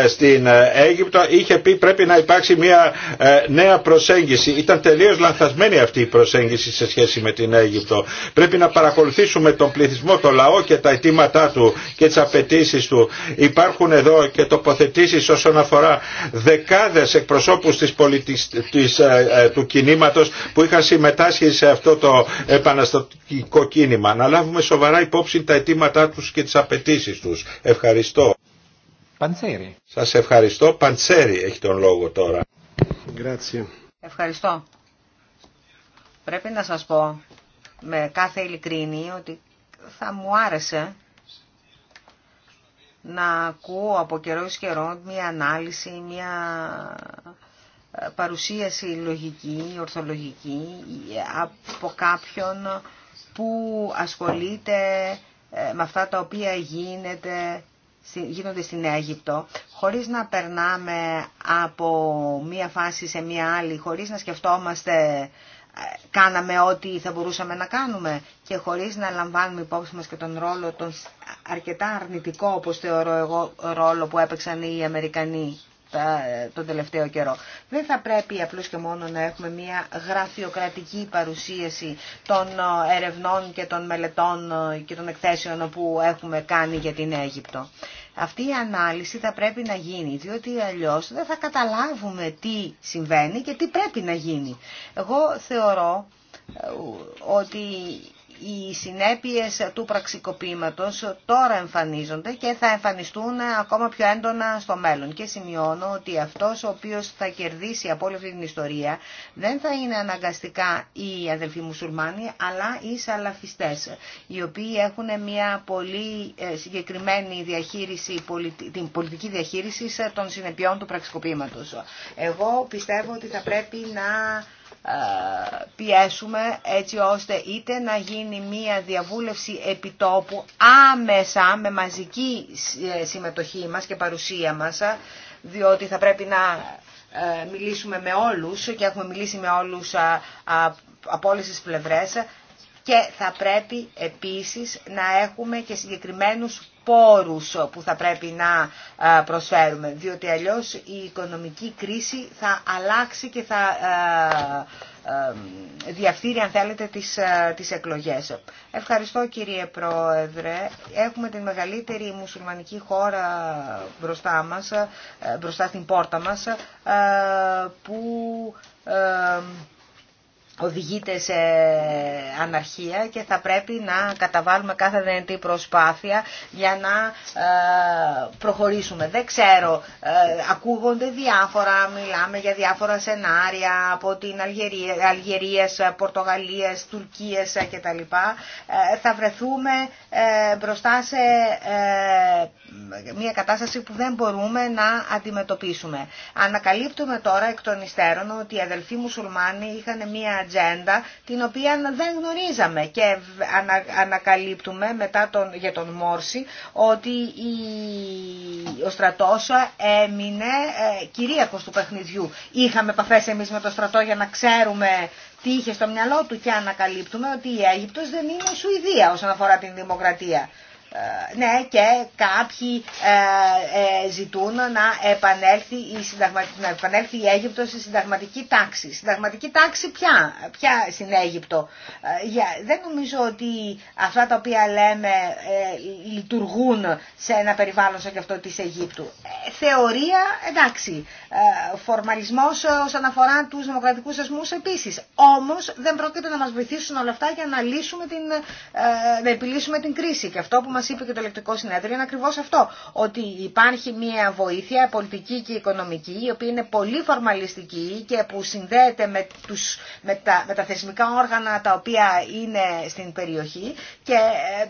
στην Αίγυπτο είχε πει πρέπει να υπάρξει μια νέα προσέγγιση. Ήταν τελείως λανθασμένη αυτή η προσέγγιση σε σχέση με την Αίγυπτο. Πρέπει να παρακολουθήσουμε τον πληθυσμό, το λαό και τα αιτήματά του και τις απαιτήσει του. Υπάρχουν εδώ και τοποθετήσεις όσον αφορά δεκάδες εκπροσώπους της πολιτισ... της... του κινήματος που είχαν συμμετάσχει σε αυτό το επαναστατικό κίνημα. Να λάβουμε σοβαρά υπόψη τα αιτήματά τους και τις απαιτήσει τους. Ευχαριστώ. Παντσέρι. Σας ευχαριστώ. Παντσέρι έχει τον λόγο τώρα. Ευχαριστώ. Πρέπει να σας πω με κάθε ειλικρίνη ότι θα μου άρεσε να ακούω από καιρό καιρό μια ανάλυση, μια ε, παρουσίαση λογική, ορθολογική ε, από κάποιον που ασχολείται ε, με αυτά τα οποία γίνονται στην Αίγυπτο, χωρίς να περνάμε από μία φάση σε μία άλλη, χωρίς να σκεφτόμαστε ε, κάναμε ό,τι θα μπορούσαμε να κάνουμε και χωρίς να λαμβάνουμε υπόψη μας και τον ρόλο, τον αρκετά αρνητικό όπως θεωρώ εγώ ρόλο που έπαιξαν οι Αμερικανοί τον τελευταίο καιρό. Δεν θα πρέπει απλώς και μόνο να έχουμε μια γραφειοκρατική παρουσίαση των ε, ερευνών και των μελετών ε, και των εκθέσεων που έχουμε κάνει για την Αίγυπτο. Αυτή η ανάλυση θα πρέπει να γίνει, διότι αλλιώς δεν θα καταλάβουμε τι συμβαίνει και τι πρέπει να γίνει. Εγώ θεωρώ ε, ότι οι συνέπειες του πραξικοπήματος τώρα εμφανίζονται και θα εμφανιστούν ακόμα πιο έντονα στο μέλλον. Και σημειώνω ότι αυτός ο οποίος θα κερδίσει από όλη αυτή την ιστορία δεν θα είναι αναγκαστικά οι αδελφοί μουσουλμάνοι, αλλά οι σαλαφιστές, οι οποίοι έχουν μια πολύ ε, συγκεκριμένη διαχείριση, την πολιτική διαχείριση των συνεπειών του πραξικοπήματος. Εγώ πιστεύω ότι θα πρέπει να ε, πιέσουμε έτσι ώστε είτε να γίνει μία διαβούλευση επιτόπου άμεσα με μαζική ε, συμμετοχή μας και παρουσία μας ε, διότι θα πρέπει να μιλήσουμε με όλους και έχουμε μιλήσει με όλους από όλες τις πλευρές και θα πρέπει επίσης να έχουμε και συγκεκριμένους πόρους που θα πρέπει να ε, προσφέρουμε, διότι αλλιώς η οικονομική κρίση θα αλλάξει και θα ε, ε, διαφθείρει αν θέλετε τις, τις εκλογές. Ευχαριστώ κύριε Πρόεδρε. Έχουμε την μεγαλύτερη μουσουλμανική χώρα μπροστά μας, μπροστά στην πόρτα μας, που οδηγείται σε αναρχία και θα πρέπει να καταβάλουμε κάθε δυνατή προσπάθεια για να ε, προχωρήσουμε. Δεν ξέρω, ε, ακούγονται διάφορα, μιλάμε για διάφορα σενάρια από την Αλγερία, Αλγερίας, Πορτογαλίας, Τουρκίας κτλ. Ε, θα βρεθούμε μπροστά σε μια κατάσταση που δεν μπορούμε να αντιμετωπίσουμε. Ανακαλύπτουμε τώρα εκ των υστέρων ότι οι αδελφοί μουσουλμάνοι είχαν μια την οποία δεν γνωρίζαμε και ανακαλύπτουμε μετά για τον Μόρση ότι ο στρατός έμεινε ε, κυρίακος του παιχνιδιού. Είχαμε επαφές εμείς με τον στρατό για να ξέρουμε τι είχε στο μυαλό του και ανακαλύπτουμε ότι η Αίγυπτος δεν είναι η Σουηδία όσον αφορά την δημοκρατία. Ε, ναι και κάποιοι ε, ε, ζητούν να επανέλθει, η να επανέλθει η στη συνταγματική τάξη. Συνταγματική τάξη πια στην Αίγυπτο. δεν νομίζω ότι αυτά τα οποία λέμε λειτουργούν σε ένα περιβάλλον σαν και αυτό της Αιγύπτου. θεωρία εντάξει, φορμαλισμός όσον αφορά τους δημοκρατικούς ασμούς επίσης. Όμως δεν πρόκειται να μας βοηθήσουν όλα αυτά για να, λύσουμε την, να επιλύσουμε την κρίση. Και αυτό που μας είπε και το ελεκτικό συνέδριο είναι ακριβώς αυτό, ότι υπάρχει μια βοήθεια πολιτική και οικονομική, η οποία είναι πολύ φορμαλιστική και που συνδέεται με, τους, με, τα, με θεσμικά όργανα τα οποία είναι στην περιοχή και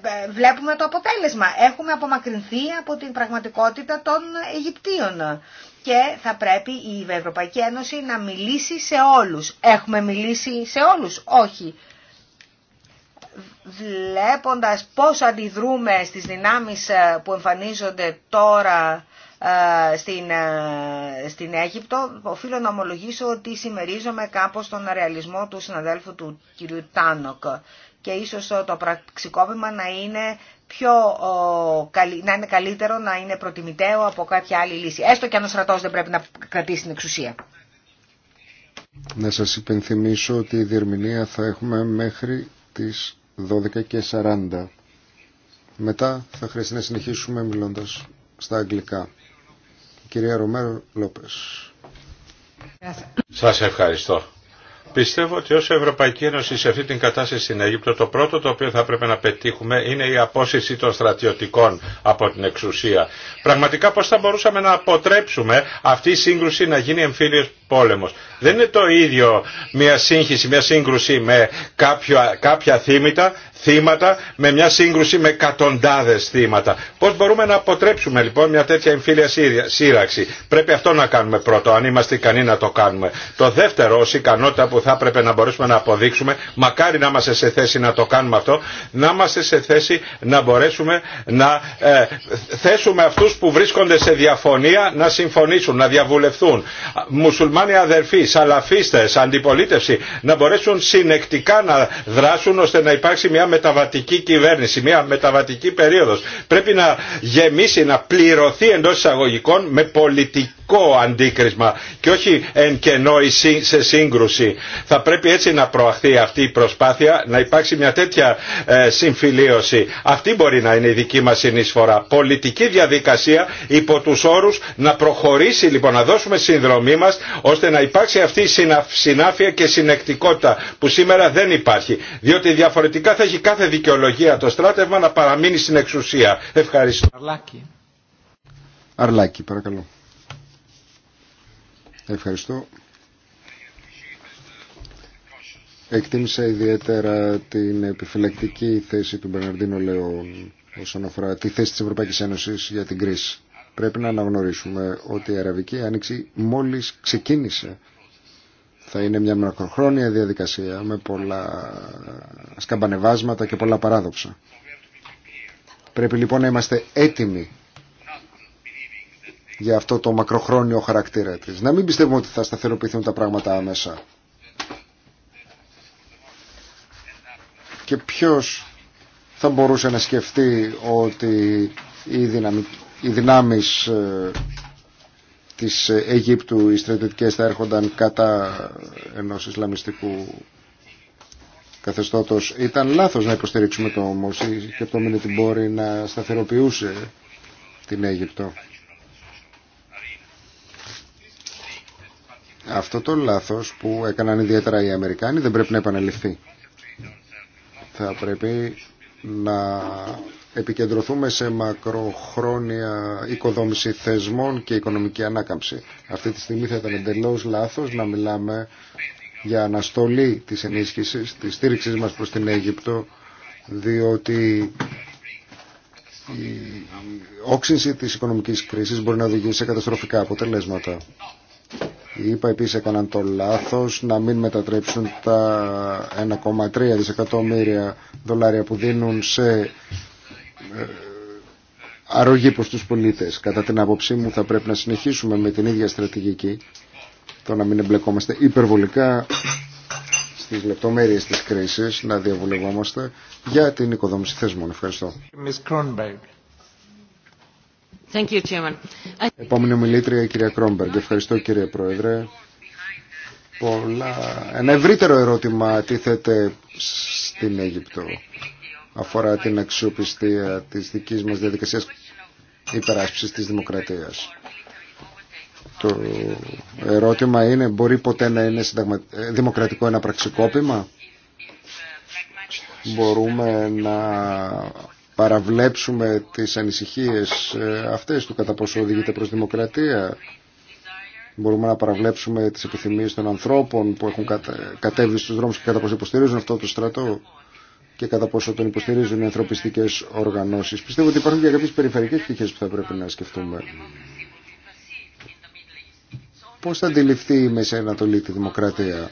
ε, βλέπουμε το αποτέλεσμα. Έχουμε απομακρυνθεί από την πραγματικότητα των Αιγυπτίων και θα πρέπει η Ευρωπαϊκή Ένωση να μιλήσει σε όλους. Έχουμε μιλήσει σε όλους, όχι βλέποντας πώς αντιδρούμε στις δυνάμεις ε, που εμφανίζονται τώρα ε, στην, ε, στην Αίγυπτο, οφείλω να ομολογήσω ότι συμμερίζομαι κάπως τον ρεαλισμό του συναδέλφου του κ. Τάνοκ και ίσως το πραξικόπημα να είναι πιο, να είναι καλύτερο, να είναι προτιμητέο από κάποια άλλη λύση. Έστω και αν ο στρατός δεν πρέπει να κρατήσει την εξουσία. Να σας υπενθυμίσω ότι η διερμηνία θα έχουμε μέχρι τις 12 και 40. Μετά θα χρειαστεί να συνεχίσουμε μιλώντας στα αγγλικά. κυρία Ρομέρο Λόπες. Σας ευχαριστώ. Πιστεύω ότι ως Ευρωπαϊκή Ένωση σε αυτή την κατάσταση στην Αίγυπτο το πρώτο το οποίο θα πρέπει να πετύχουμε είναι η απόσυρση των στρατιωτικών από την εξουσία. Πραγματικά πώς θα μπορούσαμε να αποτρέψουμε αυτή η σύγκρουση να γίνει εμφύλιος πόλεμος. Δεν είναι το ίδιο μια σύγχυση, μια σύγκρουση με κάποια, κάποια θύματα, θύματα με μια σύγκρουση με εκατοντάδε θύματα. Πώ μπορούμε να αποτρέψουμε λοιπόν μια τέτοια εμφύλια σύραξη. Πρέπει αυτό να κάνουμε πρώτο, αν είμαστε ικανοί να το κάνουμε. Το δεύτερο, ω ικανότητα που θα έπρεπε να μπορέσουμε να αποδείξουμε, μακάρι να είμαστε σε θέση να το κάνουμε αυτό, να είμαστε σε θέση να μπορέσουμε να ε, θέσουμε αυτού που βρίσκονται σε διαφωνία να συμφωνήσουν, να διαβουλευθούν. Μουσουλμάνοι Μουσουλμάνοι αδερφοί, σαλαφίστες, αντιπολίτευση να μπορέσουν συνεκτικά να δράσουν ώστε να υπάρξει μια μεταβατική κυβέρνηση, μια μεταβατική περίοδος. Πρέπει να γεμίσει, να πληρωθεί εντός εισαγωγικών με πολιτικό αντίκρισμα και όχι εν κενό σε σύγκρουση. Θα πρέπει έτσι να προαχθεί αυτή η προσπάθεια, να υπάρξει μια τέτοια ε, συμφιλίωση. Αυτή μπορεί να είναι η δική μας συνεισφορά. Πολιτική διαδικασία υπό τους όρους να προχωρήσει λοιπόν, να δώσουμε συνδρομή μας ώστε να υπάρξει αυτή η συνάφεια και συνεκτικότητα που σήμερα δεν υπάρχει. Διότι διαφορετικά θα έχει κάθε δικαιολογία το στράτευμα να παραμείνει στην εξουσία. Ευχαριστώ. Αρλάκη. Αρλάκη, παρακαλώ. Ευχαριστώ. Εκτίμησα ιδιαίτερα την επιφυλακτική θέση του Μπερναρντίνο Λεόν όσον αφορά τη θέση της Ευρωπαϊκής Ένωσης για την κρίση. Πρέπει να αναγνωρίσουμε ότι η Αραβική Άνοιξη μόλις ξεκίνησε. Θα είναι μια μακροχρόνια διαδικασία με πολλά σκαμπανεβάσματα και πολλά παράδοξα. Πρέπει λοιπόν να είμαστε έτοιμοι για αυτό το μακροχρόνιο χαρακτήρα της. Να μην πιστεύουμε ότι θα σταθεροποιηθούν τα πράγματα άμεσα. Και ποιος θα μπορούσε να σκεφτεί ότι η δυναμική οι δυνάμεις ε, της Αιγύπτου, οι στρατιωτικές θα έρχονταν κατά ενός Ισλαμιστικού καθεστώτος. Ήταν λάθος να υποστηρίξουμε το όμως και το την μπορεί να σταθεροποιούσε την Αίγυπτο. Αυτό το λάθος που έκαναν ιδιαίτερα οι Αμερικάνοι δεν πρέπει να επαναληφθεί. Θα πρέπει να επικεντρωθούμε σε μακροχρόνια οικοδόμηση θεσμών και οικονομική ανάκαμψη. Αυτή τη στιγμή θα ήταν εντελώ λάθος να μιλάμε για αναστολή της ενίσχυσης, της στήριξής μας προς την Αίγυπτο, διότι η όξυνση της οικονομικής κρίσης μπορεί να οδηγήσει σε καταστροφικά αποτελέσματα. Οι ΗΠΑ επίσης έκαναν το λάθος να μην μετατρέψουν τα 1,3 δισεκατομμύρια δολάρια που δίνουν σε αρρωγή προς τους πολίτες. Κατά την άποψή μου θα πρέπει να συνεχίσουμε με την ίδια στρατηγική το να μην εμπλεκόμαστε υπερβολικά στις λεπτομέρειες της κρίσης, να διαβουλευόμαστε για την οικοδόμηση θεσμών. Ευχαριστώ. Thank you, Chairman. Επόμενη μιλήτρια, η κυρία Κρόμπεργκ. Ευχαριστώ, κύριε Πρόεδρε. Πολλά... Ένα ευρύτερο ερώτημα τίθεται στην Αίγυπτο αφορά την αξιοπιστία της δικής μας διαδικασίας υπεράσπισης της δημοκρατίας. Το ερώτημα είναι, μπορεί ποτέ να είναι ε, δημοκρατικό ένα πραξικόπημα. Μπορούμε να παραβλέψουμε τις ανησυχίες ε, αυτές του κατά πόσο οδηγείται προς δημοκρατία. Μπορούμε να παραβλέψουμε τις επιθυμίες των ανθρώπων που έχουν κατέβει στους δρόμους και κατά πόσο υποστηρίζουν αυτό το στρατό και κατά πόσο τον υποστηρίζουν οι ανθρωπιστικέ οργανώσει. Πιστεύω ότι υπάρχουν και κάποιε περιφερειακέ πτυχέ που θα πρέπει να σκεφτούμε. Πώ θα αντιληφθεί η Μέση Ανατολή τη δημοκρατία,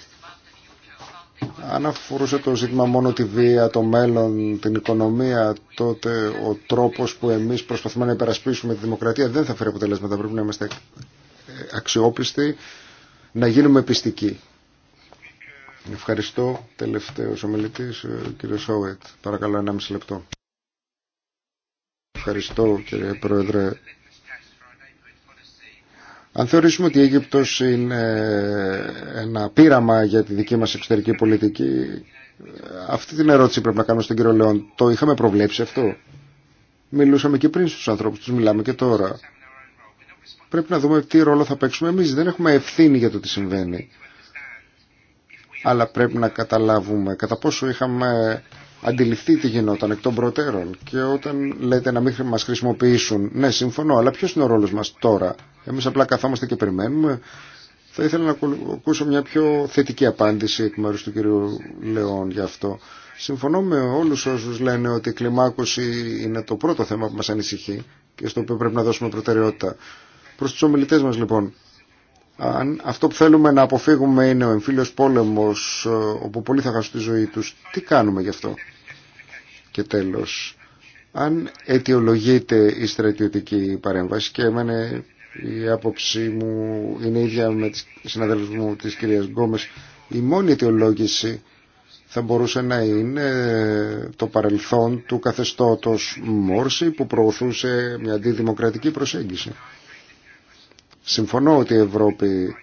αν αφορούσε το ζήτημα μόνο τη βία, το μέλλον, την οικονομία, τότε ο τρόπο που εμεί προσπαθούμε να υπερασπίσουμε τη δημοκρατία δεν θα φέρει αποτελέσματα. Πρέπει να είμαστε ε, αξιόπιστοι, να γίνουμε πιστικοί. Ευχαριστώ. Τελευταίος ομιλητής, ο ε, κύριος Σόουετ. Παρακαλώ, ένα μισή λεπτό. Ευχαριστώ, κύριε Πρόεδρε. Αν θεωρήσουμε ότι η Αίγυπτος είναι ε, ένα πείραμα για τη δική μας εξωτερική πολιτική, ε, αυτή την ερώτηση πρέπει να κάνουμε στον κύριο Λεόν. Το είχαμε προβλέψει αυτό. Μιλούσαμε και πριν στους ανθρώπους, τους μιλάμε και τώρα. Πρέπει να δούμε τι ρόλο θα παίξουμε εμείς. Δεν έχουμε ευθύνη για το τι συμβαίνει αλλά πρέπει να καταλάβουμε κατά πόσο είχαμε αντιληφθεί τι γινόταν εκ των προτέρων και όταν λέτε να μην μας χρησιμοποιήσουν, ναι συμφωνώ, αλλά ποιος είναι ο ρόλος μας τώρα, εμείς απλά καθόμαστε και περιμένουμε. Θα ήθελα να ακούσω μια πιο θετική απάντηση εκ μέρους του κυρίου Λεόν για αυτό. Συμφωνώ με όλους όσους λένε ότι η κλιμάκωση είναι το πρώτο θέμα που μας ανησυχεί και στο οποίο πρέπει να δώσουμε προτεραιότητα. Προς τους ομιλητές μας λοιπόν, αν αυτό που θέλουμε να αποφύγουμε είναι ο εμφύλιος πόλεμος ε, όπου πολλοί θα χάσουν τη ζωή τους, τι κάνουμε γι' αυτό. Και τέλος, αν αιτιολογείται η στρατιωτική παρέμβαση και η άποψή μου είναι ίδια με τις συναδέλφους μου της κυρίας Γκόμες, η μόνη αιτιολόγηση θα μπορούσε να είναι το παρελθόν του καθεστώτος Μόρση που προωθούσε μια αντιδημοκρατική προσέγγιση. Συμφωνώ ότι η Ευρώπη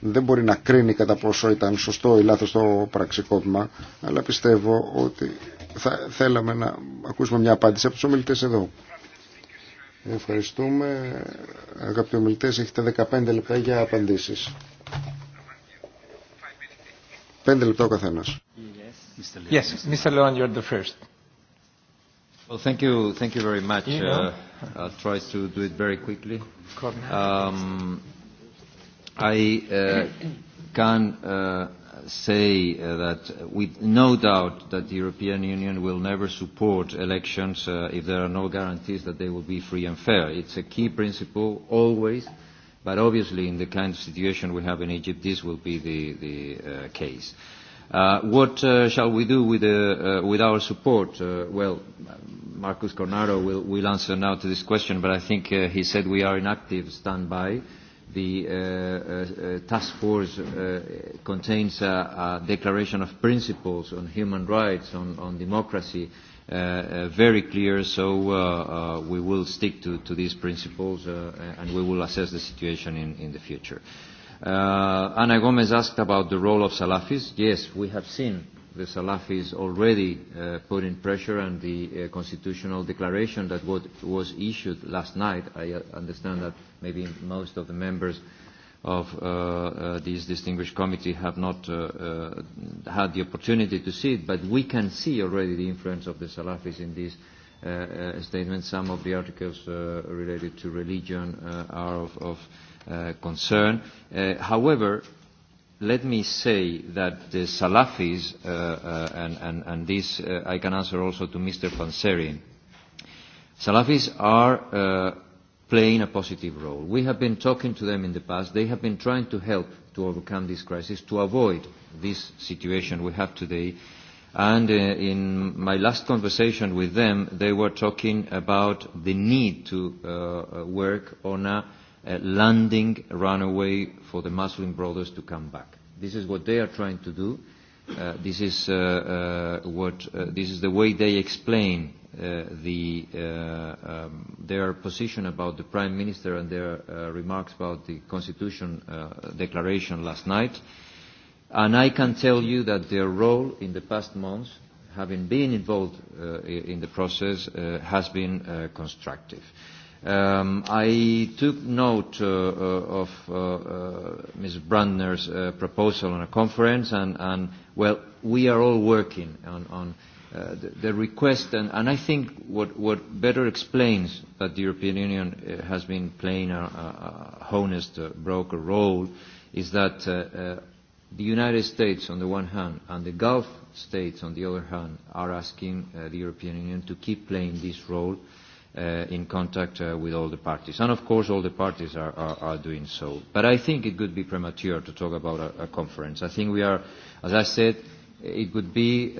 δεν μπορεί να κρίνει κατά πόσο ήταν σωστό ή λάθος το πραξικόπημα, αλλά πιστεύω ότι θα θέλαμε να ακούσουμε μια απάντηση από τους ομιλητές εδώ. Ευχαριστούμε. Αγαπητοί ομιλητές, έχετε 15 λεπτά για απαντήσεις. 5 λεπτά ο καθένας. Yes, Mr. Leon, you're the first. Well, thank you, thank you very much. I'll try to do it very quickly. Um, I can say that with no doubt that the European Union will never support elections if there are no guarantees that they will be free and fair. It's a key principle always, but obviously in the kind of situation we have in Egypt, this will be the case. What shall we do with our support? Well, Marcus Cornaro will answer now to this question, but I think he said we are in active standby. The task force contains a declaration of principles on human rights, on democracy, very clear, so we will stick to these principles and we will assess the situation in the future. Ana Gomez asked about the role of Salafis. Yes, we have seen the Salafis already putting pressure and the constitutional declaration that was issued last night. I understand that maybe most of the members of this distinguished committee have not had the opportunity to see it, but we can see already the influence of the Salafis in this statement. Some of the articles related to religion are of concern. However, let me say that the Salafis, and this I can answer also to Mr. Panseri, Salafis are playing a positive role. We have been talking to them in the past. They have been trying to help to overcome this crisis, to avoid this situation we have today. And in my last conversation with them, they were talking about the need to work on a landing runaway for the Muslim Brothers to come back. This is what they are trying to do. This is what this is the way they explain the their position about the Prime Minister and their remarks about the Constitution declaration last night. And I can tell you that their role in the past months, having been involved in the process, has been constructive. I took note of Ms. Brandner's proposal on a conference, and, well, we are all working on the request, and I think what better explains that the European Union has been playing a honest broker role is that the United States on the one hand and the Gulf states on the other hand are asking the European Union to keep playing this role in contact with all the parties. And of course, all the parties are, are, doing so. But I think it could be premature to talk about a, conference. I think we are, as I said, it would be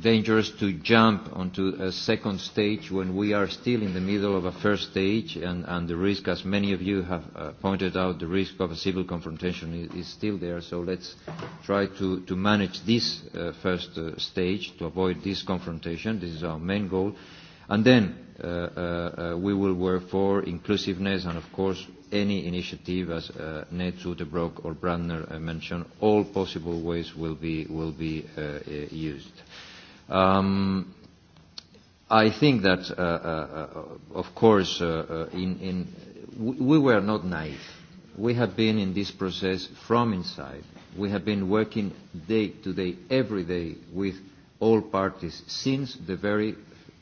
dangerous to jump onto a second stage when we are still in the middle of a first stage and, and the risk, as many of you have pointed out, the risk of a civil confrontation is, still there. So let's try to, to manage this first stage to avoid this confrontation. This is our main goal And then we will work for inclusiveness and, of course, any initiative, as Ned Zutebrock or Brandner mentioned, all possible ways will be will be used. I think that, of course, in we were not naive. We have been in this process from inside. We have been working day to day, every day, with all parties since the very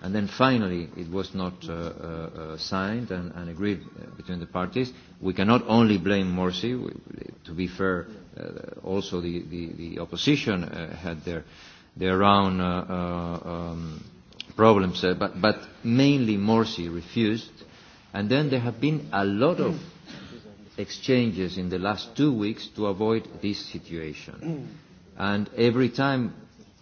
and then finally it was not signed and agreed between the parties. We cannot only blame Morsi. To be fair, also the opposition had their their own problems, but mainly Morsi refused. And then there have been a lot of exchanges in the last two weeks to avoid this situation. And every time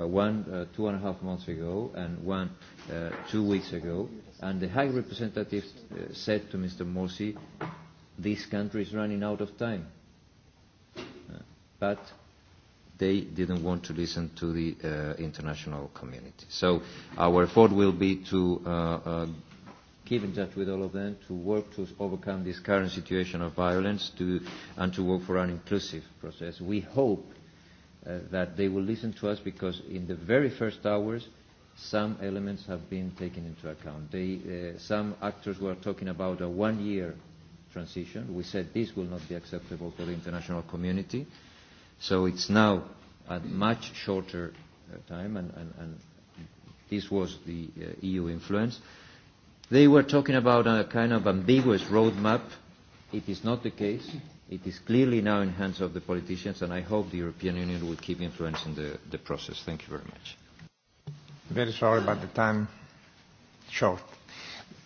one two and a half months ago and one two weeks ago. And the High Representative said to Mr. Morsi, this country is running out of time. But they didn't want to listen to the international community. So our effort will be to keep in touch with all of them, to work to overcome this current situation of violence to, and to work for an inclusive process. We hope that they will listen to us because in the very first hours some elements have been taken into account. They, some actors were talking about a one-year transition. We said this will not be acceptable for the international community. So it's now a much shorter time, and, and, and this was the EU influence. They were talking about a kind of ambiguous roadmap. It is not the case. It is clearly now in the hands of the politicians, and I hope the European Union will keep influencing the, the process. Thank you very much. Very sorry about the time. Short.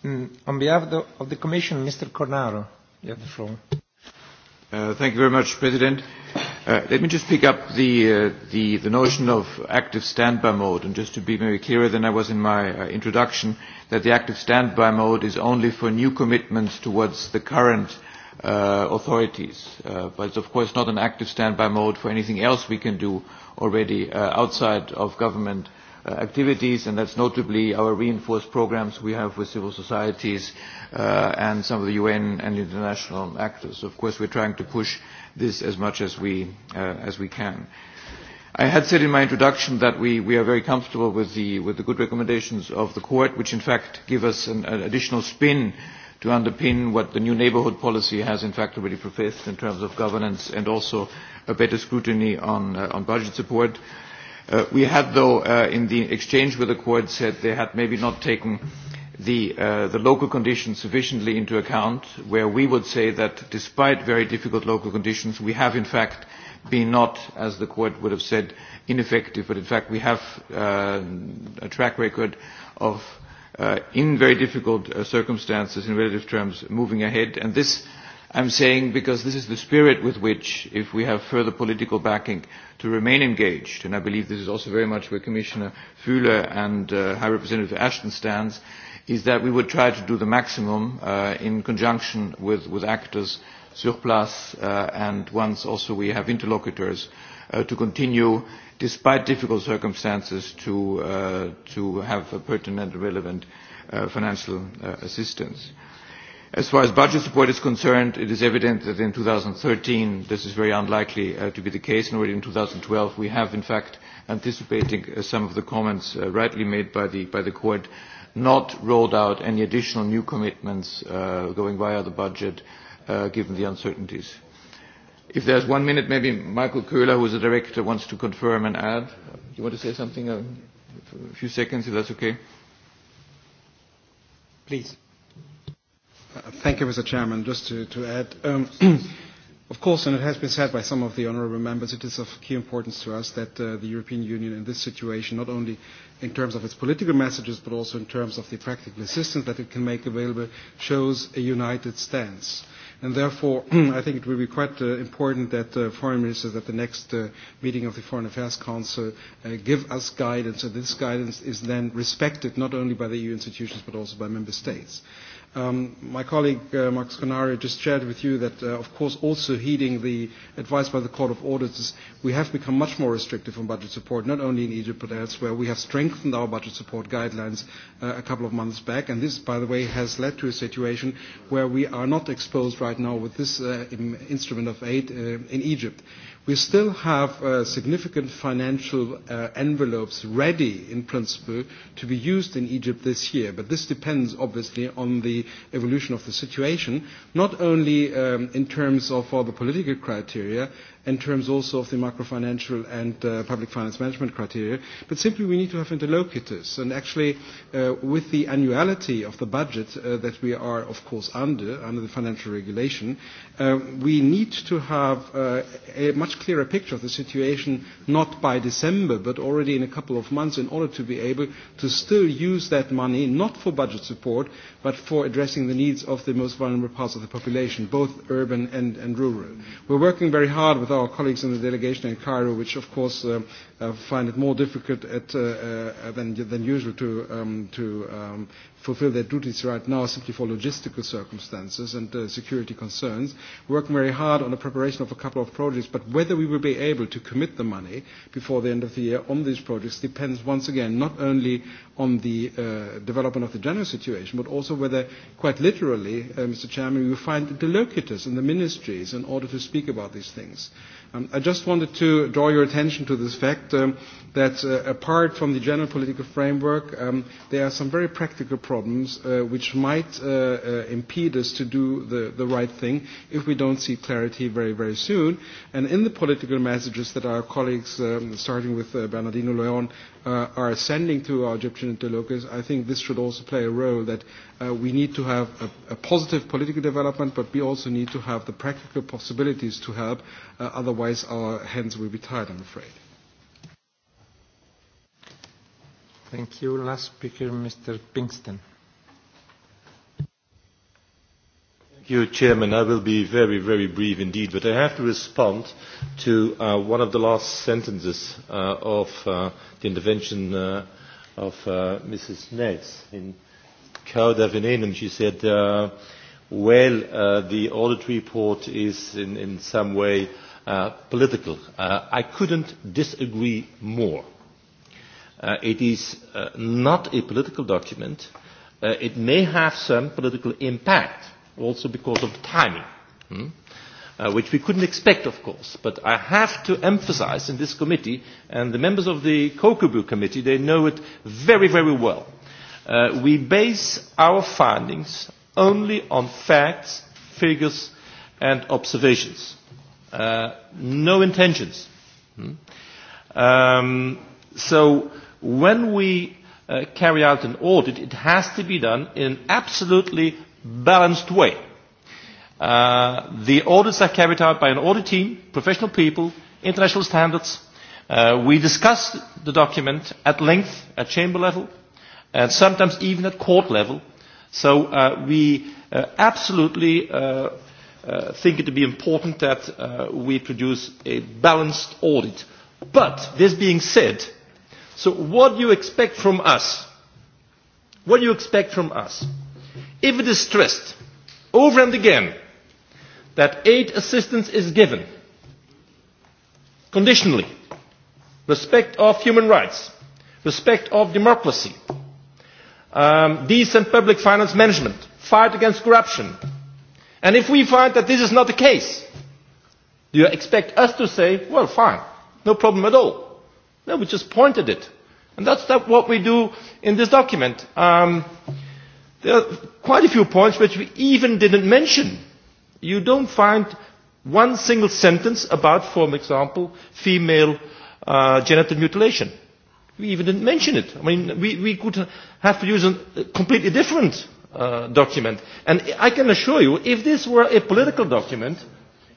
on behalf of the, Commission, Mr. Cornaro, you have the floor. thank you very much, President. let me just pick up the, the, notion of active standby mode, and just to be very clearer than I was in my introduction, that the active standby mode is only for new commitments towards the current authorities. But it's, of course, not an active standby mode for anything else we can do already outside of government activities, and that's notably our reinforced programs we have with civil societies and some of the UN and international actors. Of course, we're trying to push this as much as we as we can. I had said in my introduction that we we are very comfortable with the with the good recommendations of the court, which in fact give us an additional spin to underpin what the new neighbourhood policy has in fact already professed in terms of governance and also a better scrutiny on budget support. We had, though, in the exchange with the court said they had maybe not taken the local conditions sufficiently into account, where we would say that despite very difficult local conditions, we have in fact been not, as the court would have said, ineffective, but in fact we have a track record of in very difficult circumstances in relative terms moving ahead. And this I'm saying because this is the spirit with which, if we have further political backing, to remain engaged. And I believe this is also very much where Commissioner Fühler and High Representative Ashton stands, is that we would try to do the maximum in conjunction with actors sur place and once also we have interlocutors to continue despite difficult circumstances, to have pertinent and relevant financial assistance. As far as budget support is concerned, it is evident that in 2013 this is very unlikely to be the case, and already in 2012 we have, in fact, anticipating some of the comments rightly made by the Court, not rolled out any additional new commitments going via the budget, given the uncertainties. If there's one minute, maybe Michael Köhler, who is the director, wants to confirm and add. Do you want to say something? A few seconds, if that's okay. Please. Thank you, Mr. Chairman. Just to, to add, of course, and it has been said by some of the honourable members, it is of key importance to us that the European Union in this situation, not only in terms of its political messages, but also in terms of the practical assistance that it can make available, shows a united stance. And therefore, I think it will be quite important that the foreign ministers at the next meeting of the Foreign Affairs Council give us guidance, and this guidance is then respected not only by the EU institutions but also by member states. My colleague Max Conari just shared with you that, of course, also heeding the advice by the Court of Auditors, we have become much more restrictive on budget support, not only in Egypt but elsewhere. We have strengthened our budget support guidelines a couple of months back, and this, by the way, has led to a situation where we are not exposed right now with this instrument of aid in Egypt. We still have significant financial envelopes ready, in principle, to be used in Egypt this year. But this depends, obviously, on the evolution of the situation, not only in terms of all the political criteria, in terms also of the macrofinancial and public finance management criteria, but simply we need to have interlocutors. And actually, with the annuality of the budget that we are, of course, under, under the financial regulation, we need to have a much clearer picture of the situation, not by December, but already in a couple of months, in order to be able to still use that money, not for budget support, but for addressing the needs of the most vulnerable parts of the population, both urban and rural. We're working very hard with our colleagues in the delegation in Cairo, which of course find it more difficult than than usual to fulfill their duties right now simply for logistical circumstances and security concerns. Working very hard on the preparation of a couple of projects, but whether we will be able to commit the money before the end of the year on these projects depends once again not only on the development of the general situation, but also whether, quite literally, Mr. Chairman, we will find the locutors and the ministries in order to speak about these things. I just wanted to draw your attention to this fact that apart from the general political framework, there are some very practical problems which might impede us to do the right thing if we don't see clarity very, very soon. And in the political messages that our colleagues, starting with Bernardino Leon, are sending to our Egyptian interlocutors, I think this should also play a role that we need to have a positive political development, but we also need to have the practical possibilities to help. Otherwise, our hands will be tied, I'm afraid. Thank you. Last speaker, Mr. Pinkston. Mr Chairman. I will be very, very brief indeed, but I have to respond to one of the last sentences of the intervention of Mrs. Nets. In Kauda she said, well, the audit report is in, in some way political. I couldn't disagree more. It is not a political document. It may have some political impact also because of the timing, which we couldn't expect, of course. But I have to emphasize in this committee, and the members of the Kokobu Committee, they know it very, very well. We base our findings only on facts, figures, and observations. No intentions. So when we carry out an audit, it has to be done in absolutely balanced way. The audits are carried out by an audit team, professional people, international standards. We discuss the document at length at chamber level and sometimes even at court level. So we absolutely think it to be important that we produce a balanced audit. But this being said, so what do you expect from us? What do you expect from us? If it is stressed over and again that aid assistance is given conditionally, respect of human rights, respect of democracy, decent public finance management, fight against corruption, and if we find that this is not the case, do you expect us to say, well, fine, no problem at all? No, we just pointed it. And that's what we do in this document. There are quite a few points which we even didn't mention. You don't find one single sentence about, for example, female genital mutilation. We even didn't mention it. I mean, we, we could have to a completely different document. And I can assure you, if this were a political document,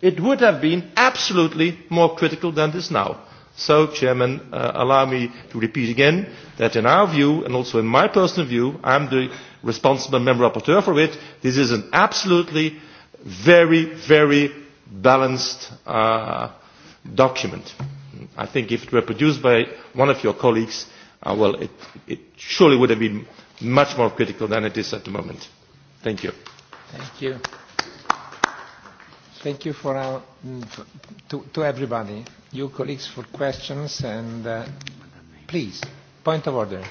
it would have been absolutely more critical than this now. So, Chairman, allow me to repeat again that in our view, and also in my personal view, I'm the responsible member rapporteur for it. This is an absolutely very, very balanced document. I think if it were produced by one of your colleagues, well, it, it surely would have been much more critical than it is at the moment. Thank you. Thank you. Thank you for our, to, to everybody, you colleagues for questions and please, point of order.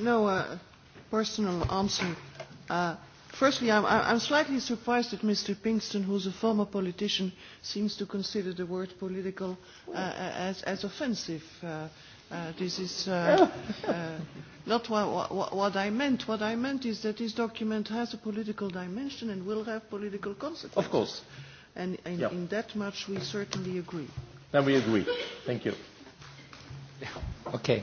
no, personal answer. Firstly, I'm slightly surprised that Mr. Pinkston, who's a former politician, seems to consider the word political as as offensive. This is not what I meant. What I meant is that this document has a political dimension and will have political consequences. Of course. And in that much we certainly agree. Then we agree. Thank you. Okay.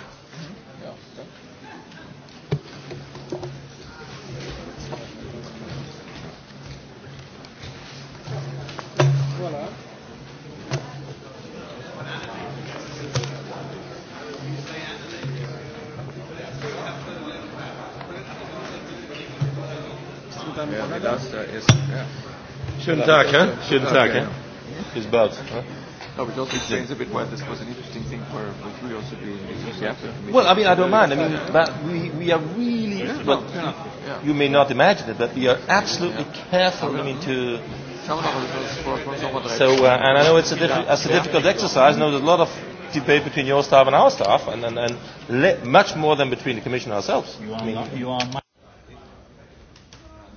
das da ist. Ja. Schönen Tag, ja. Schönen Tag, ja. Bis bald. No, but also explains a bit why this was an interesting thing for, for you also being yeah. Well, I mean, I don't mind. I mean, but we, we are really, but you may not imagine it, but we are absolutely careful, I mean, to... So, uh, and I know it's a, diffi- it's a difficult exercise. I know there's a lot of debate between your staff and our staff, and, and, and much more than between the Commission ourselves. You are, I mean, you are